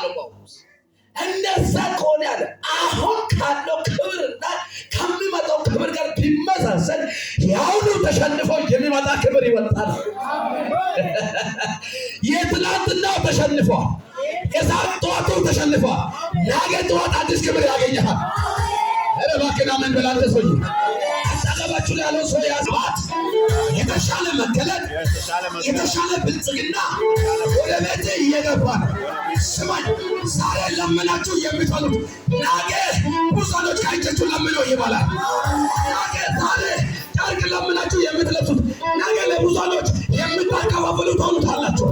አለው ጳውሎስ። እንደዛ ከሆነ ያለ አሁን ካለው ክብርና ከሚመጣው ክብር ጋር ቢመሳሰል ያሁኑ ተሸንፎ የሚመጣ ክብር ይወጣል። የትናንትናው ተሸንፏል። የዛሬ ጠዋቱ ተሸንፏል። ነገ ጠዋት አዲስ ክብር ያገኘሃል። እባክህን አሜን በላንተ ሰው አጠገባችሁ ያለው ሰው ያዘ የተሻለ መገለጥ፣ የተሻለ ብልጽግና ወደ ቤት እየገባ ስማኝ፣ ዛሬ ለምናችሁ የሚፈሉት ነገ ብዙኖች ከእጃችሁ ለምነው ይባላል። ነገ ዛሬ ጨርቅ ለምናችሁ የምትለብሱት ነገ ለብዙኖች የምታከፋፍሉ ትሆኑታላችሁ።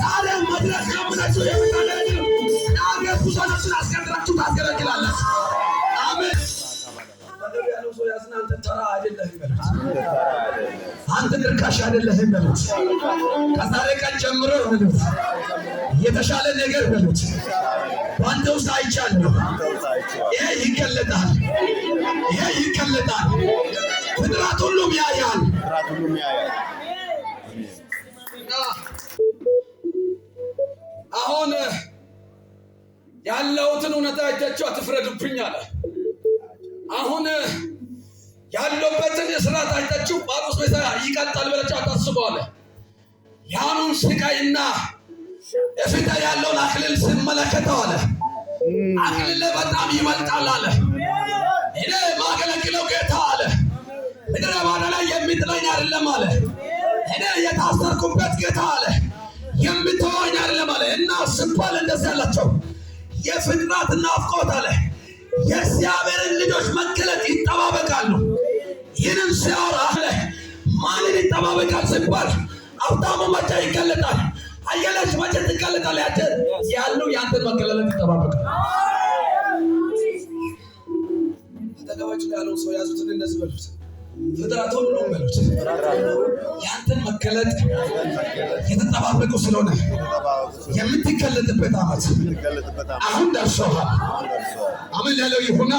ዛሬ መድረስ ለምናችሁ የምታገለግሉ ነገ ብዙኖችን አስገድራችሁ ታስገለግላላችሁ። አሜን። ያለው ሰው አንተ ርካሽ አይደለህም በሉት። ከዛሬ ቀን ጀምሮ በሉት የተሻለ ነገር በሉት በአንተ ውስጥ አይቻለሁ። ይሄ ይገለጣል፣ ይሄ ይገለጣል። ፍጥረት ሁሉም ያያል። አሁን ያለሁትን እውነታ እጃቸው አትፍረዱብኝ አለ አሁን ያለበትን እስራት አይታችሁ ጳውሎስ ቤተ ይቀጣል ብላችሁ አታስበዋለ። ያኑን ስቃይና እፊት ያለውን አክልል ስመለከተው አለ አክልል በጣም ይበልጣል አለ። እኔ ማገለግለው ጌታ አለ ምድረ ባዳ ላይ የሚጥለኝ አይደለም አለ። እኔ የታሰርኩበት ጌታ አለ የምትወኝ አይደለም አለ። እና ስባል እንደዚህ ያላቸው የፍጥረት ናፍቆት አለ የዚያ ይጠባበቃል ሲባል ሀብታሙ መቼ ይገለጣል? አየለች መቼ ትገለጣል? ያንተ ያሉ ያንተን መገለጥ ይጠባበቃል። አጠገባችሁ ያለው ሰው ያዙትን እንደዚህ በሉት። ፍጥረት ሁሉ በሉት ያንተን መገለጥ የተጠባበቁ ስለሆነ የምትገለጥበት ዓመት አሁን ደርሶሃል። አሜን ያለው ይሁና።